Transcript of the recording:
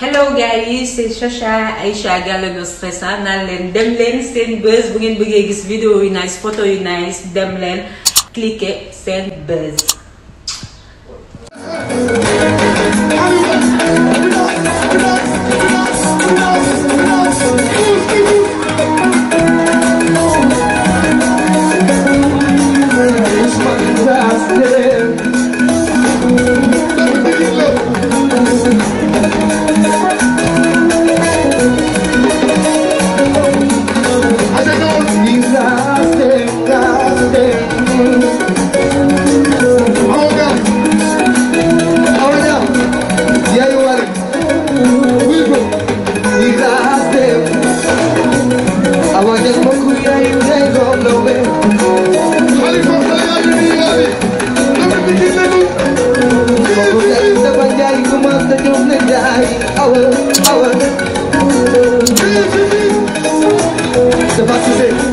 hello guys c'est Chacha Aïcha Gallo Nostra ah, naan leen dem leen seen buzz bu ngeen bëggee gis vidéo yu nice photo yu nice seen Sebastian.